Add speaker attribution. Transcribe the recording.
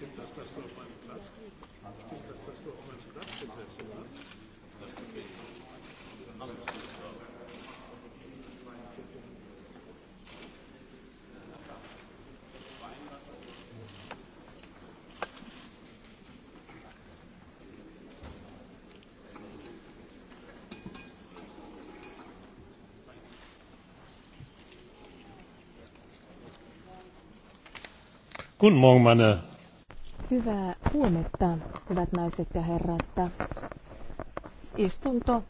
Speaker 1: Stimmt, dass das nur auf meinem Platz, stimmt, dass das nur auf meinem Platz gesessen hat?
Speaker 2: Guten Morgen, meine
Speaker 3: Hyvää huomenta, hyvät naiset ja herrat. Istunto